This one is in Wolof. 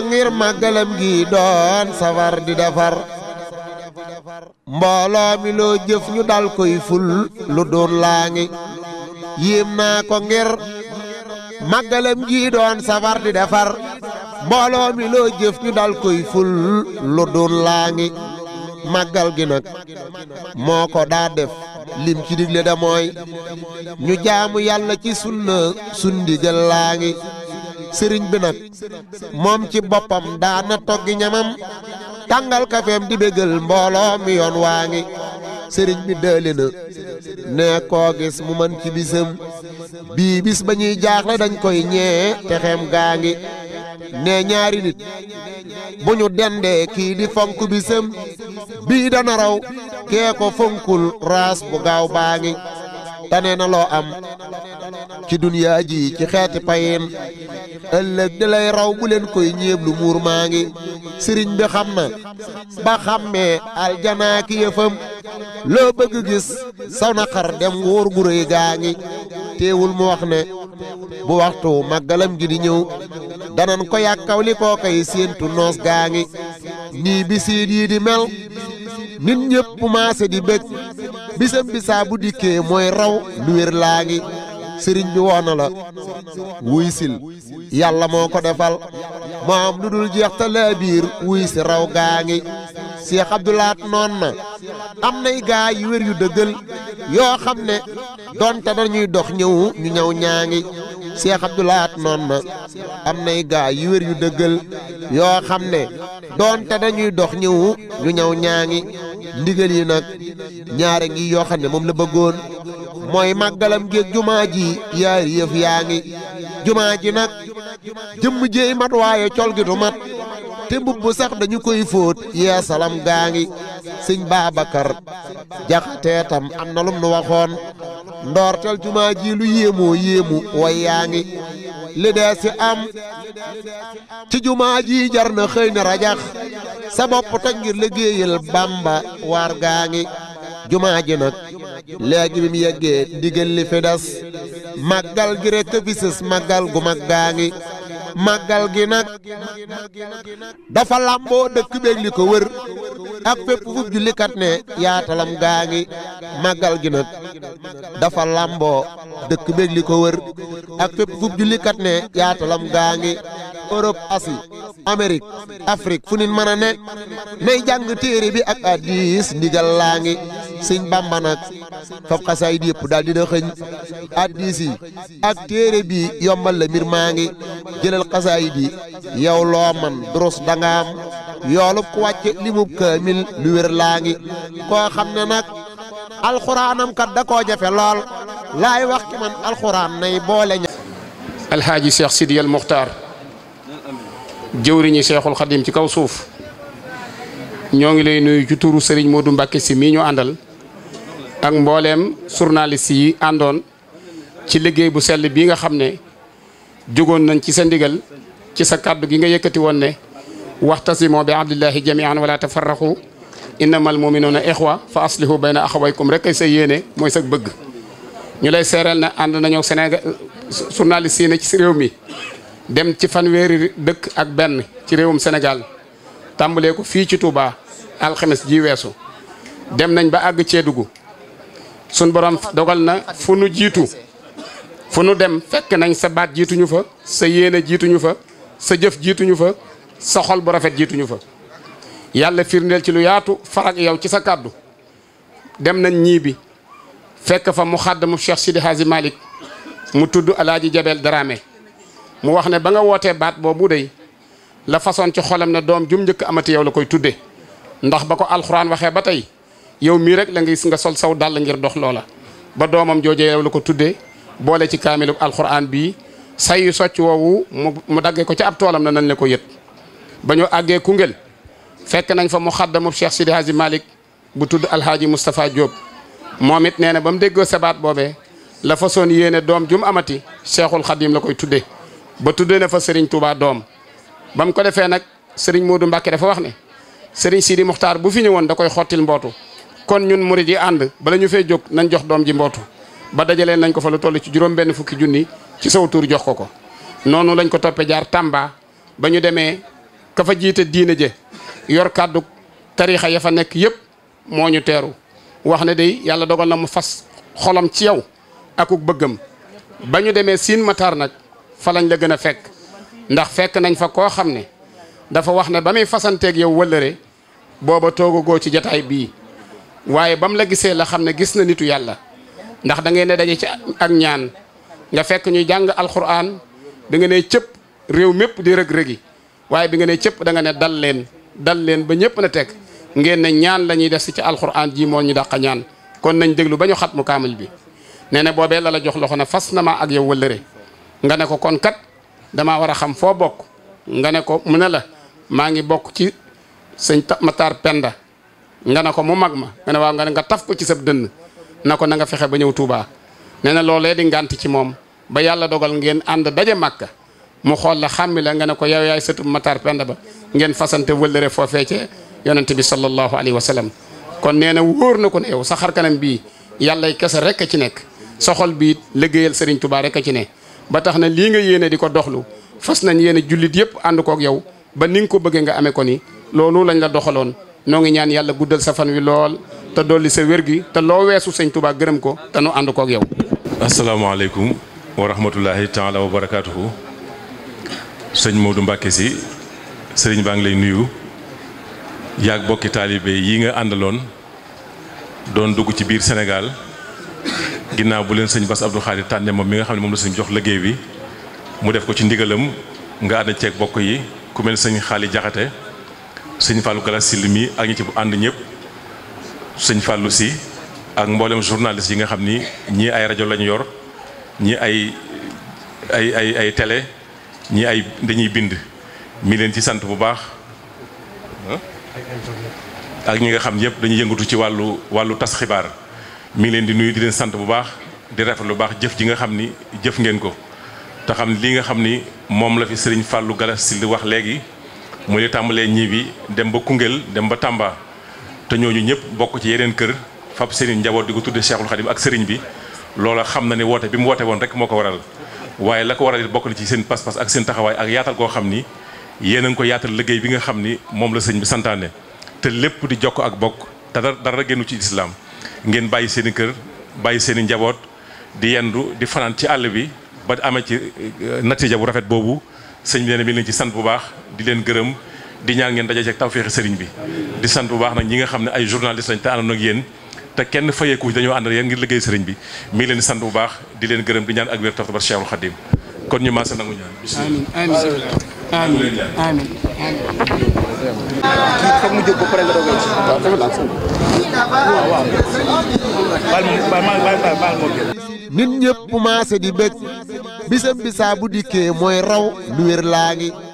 ngir màggalam gi doon safar di defar mbooloo mi loo jëf ñu dal koy ful lu doon laa ngi yéem naa ko ngir màggalam gi doon safar di defar mbooloo mi loo jëf ñu dal koy ful lu dul laa ngi màggal gi nag moo ko daa def lim ci digle da mooy ñu jaamu yàlla ci sunna sundigal laa ngi sëriñ bi nag moom ci boppam daana toggi ñamam tàngal kafeem di bégal mbooloo mi yoon waa ngi sëriñ bi dëli na ne koo gis mu man ci bisam bii bis ba ñuy jaaxle dañ koy ñee te xem gaa ngi ne ñaari nit bu ñu dendee kii di fonk bisam bii dana raw kee ko fonkul raas bu gaaw baa ngi tane na loo am ci duniyaa ji ci xeeti payin ëllëg di lay raw bu leen koy ñeeblu muur maa ngi sëriñ bi xam na ba xàmmee aljanaa ki yëfam loo bëgg gis saw naqar dem nguur gu rëy gaa ngi teewul mu wax ne bu waxtu màggalam gi di ñëw danan ko yàkkaw li koo séentu noos gaa ngi nii bisiit yii di mel nit ñëpp maase di bég bisam bisaa bu dikkee mooy raw lu wér laa ngi sëriñ bi woo na la wuy sil yàlla moo ko defal moo am lu dul jeex ta wuy si raw gaa ngi Cheikh Abdou Lahad noon na am nay gaa yu wér yu dëggal yoo xam ne donte dañuy dox ñëwu ñu ñëw ñaa ngi Cheikh Abdou noon na am nay gaa yu wér yu dëggal yoo xam ne donte dañuy dox ñëwu ñu ñëw ñaa ngi ndigal yi nag ñaare ngi yoo moom la bëggoon mooy màggalam géeg jumaa ji yaari yëf yaa ngi jumaa ji nag jëmm jéey mat waaye col mat te bu sax dañu koy foot ya salam gangi seigne babakar Babacar jaxatee tam am lum nu waxoon ndoortel juma ji lu yemo yemu way yaangi ngi li am ci juma ji jarna xeyna rajax sa bop tak ngir liggéeyal Bamba war gaangi juma ji nak legi bi yegge digel li fi des gi rek gu mag gaangi màggal gi nag dafa làmboo dëkk beeg li ko wër ak fépp fu jullikat ne yaatalam gaa ngi màggal gi nag dafa làmboo dëkk beeg li ko wër ak fépp fu jullikat ne yaatalam gaa ngi Europe Asie Amérique Afrique fu nit mën a ne nay jàng téere bi ak hadiis ndigal laa ngi bamba nak nag fab xasaayid yëpp daal dina xëñ addis yi ak téere bi yombal la mir mangi ngi jëlal xasaayid yow lo man dros dangaam yoolub ku wàcce limub kamil lu wér laa ngi koo al ne nag alxuraanam kat da ko jafé lol lay wax ki man alquran nay boole ña cheikh sidi al mukhtar jëwriñi cheikhul khadim ci kaw suuf ñoo ngi lay nuyu ci turu Serigne Modou Mbacke ci mi ñu andal ak mbollem journaliste yi àndoon ci liggey bu sel bi nga xamne jogon nañ ci sa ndigal ci sa kàddu gi nga yëkkati woon ne waxtasimoo bi abdillahi jamian wala tafarraqu innamal mu'minuna ikhwa fa aslihu bayna akhawaykum rek ay sa yéene mooy sa bëgg ñu lay séral na ànd nañu Sénégal journaliste yi ne ci réew mi dem ci fanweeri dëkk ak ben ci réewum Sénégal tàmbalee ko fi ci Touba alxames ji wessu dem nañ ba ci dugu suñ borom dogal na fu nu jitu fu nu dem fek nañ sa jitu ñu fa sa jitu ñu fa sa jëf ñu fa sa xol bu rafet ñu fa yàlla firndel ci lu yaatu farak yow ci sa kàddu dem nañ ñi bi fek fa mu xàddamu Cheikh Sidi hazi malik mu tuddu alaaji Jabel Dramé mu wax ne ba nga wootee baat boobu day la façon ci xolam ne dom jum jëk amati yow la koy tudde ndax bako ko waxe batay yow mii rek la nga nga sol saw dàll ngir dox loola ba doomam jooje yow la ko tuddee boole ci kaamilu alxuraan bii say yu socc woowu mu daggee ko ci ab toolam na nañ la ko yët ba ñu àggee Koungheul fekk nañ fa mu mu Cheikh Sidi Hadji Malick bu tudd Alhaji Moustapha Diop moom it nee na ba mu déggoo sabaat boobee la fa soon yéene doom jum amati Cheikhul Khadim la koy tuddee ba tuddee na fa Serigne Touba doom ba mu ko defee nag seriñ Modou Mbacke dafa wax ne Serigne Sidi Mokhtar bu fi ñëwoon da koy xottil mbootu kon ñun murid yi ànd bala ñu fee jóg nañ jox doom ji mbootu ba dajalee nañ ko fa lu toll ci juróom benn fukki junni ci saw tur jox ko ko noonu lañ ko toppe jaar Tamba ba ñu demee ka fa diine je yor kàddu tariixa ya fa nekk yépp moo ñu teeru wax ne day yàlla dogal na mu fas xolam ci yow akuk bëggam ba ñu demee Siin Matar nag fa lañ la gën a fekk ndax fekk nañ fa koo xam ne dafa wax ne ba muy fasanteeg yow wëllëre booba toogagoo ci jataay bii waye bam la gisee la xam gis na nitu yalla ndax da ngay ne daje ci ak ñaan nga fekk ñu jang alquran da nga ne cëpp rew mepp di rëg-rëgi waye bi nga ne cëpp da nga ne dal leen dal leen ba ñepp na tek ngeen ñaan lañuy def ci alquran ji mo ñu daq ñaan kon nañ deglu bañu xat mu bi nee bobé la la jox loxo na fas ma ak yow wëllëre nga ne ko kon kat dama wara xam fo bok nga ne ko mu la maa ngi ci señ Matar Penda nga ne ko mu mag ma nga waaw nga ne nga taf ko ci sab dënn na ko na nga fexe ba ñëw tuubaa nee na loolee di ngànt ci moom ba yàlla dogal ngeen ànd daje màkka mu xool la xàmmi la nga ne ko yow yaay sëtu Matar Penda ba ngeen fasante wëllëre foo feecee yonente bi sallallahu alayhi wa sallam kon nee na wóor na ko ne yow sa xar kanam bii yàllay kese rek a ci nekk sa xol bii liggéeyal Serigne Touba rek a ci ne ba tax na lii nga yéene di ko doxlu fas nañ yéene jullit yëpp ànd kook yow ba ni ko bëggee nga amee ko ni loolu lañ la doxaloon noo ngi ñaan yàlla guddal sa fan wi lool te dolli sa wér gi te loo weesu sëñ Touba gërëm ko te nu ànd kook yow. asalaamaaleykum wa rahmatulahi taala wa barakaatuhu sëñ Modou Mbacke si sëriñ baa ngi lay nuyu yaag bokki taalibe yi nga àndaloon doon dugg ci biir Sénégal ginnaaw bu leen sëñ Bass Abdou Khadir tànne moom mi nga xam ne moom la sëñ jox liggéey bi mu def ko ci ndigalam nga ànd ceeg bokk yi ku mel sëñ Xaali Jaxate sëñ Fallou Galass Syll mi ak ñi ci ànd ñëpp sëñ Fallou si ak mboolem journaliste yi nga xam ni ñii ay rajo lañu yor ñii ay ay ay ay télé ñii ay dañuy bind mi leen ci sant bu baax ak ñi nga xam ñëpp dañuy yëngatu ci wàllu wàllu tas xibaar mi ngi leen di nuyu di leen sant bu baax di rafet lu baax jëf ji nga xam ni jëf ngeen ko te lii nga xam ni moom la fi sëriñ Fallou Galass Syll wax léegi mu tàmbalee ñiibi dem ba Koungheul dem ba Tamba te ñooñu ñëpp bokk ci yeneen kër fab seeni njaboot di ko tudde Cheikhul Khadim ak sëriñ bi loola xam na ni woote bi mu woote woon rek moo ko waral waaye la ko waral it bokk na ci seen pas-pas ak seen taxawaay ak yaatal koo xam ni yéen a ko yaatal liggéey bi nga xam ni moom la sëñ bi santaane te lépp di jokk ak bokk te dara dara génnu ci lislaam ngeen bàyyi seen i kër bàyyi seen i njaboot di yendu di fanaan ci àll bi ba amee ci eh, natiija bu rafet boobu sëñ bi ne bi mi ci sante bu baax di len gëreum di ñaan ngeen dajje ak tawfiix sëriñ bi di sante bu baax nak ñi nga xamne ay journaliste lañ te àndoon ak yéen te kenn fayeeku ci dañoo ànd ak ngir liggéey sëriñ bi mi ngi leen di bu baax di len gëreum di ñaan ak wér taftabar Cheikhul Khadim kon ñu maase nangu ñaan amin amin amin amiin foog mu jóg ba pare nga doog a nit ñëpp maase di bëgg bisam bisaa bu dikkee mooy raw lu wér laa ngi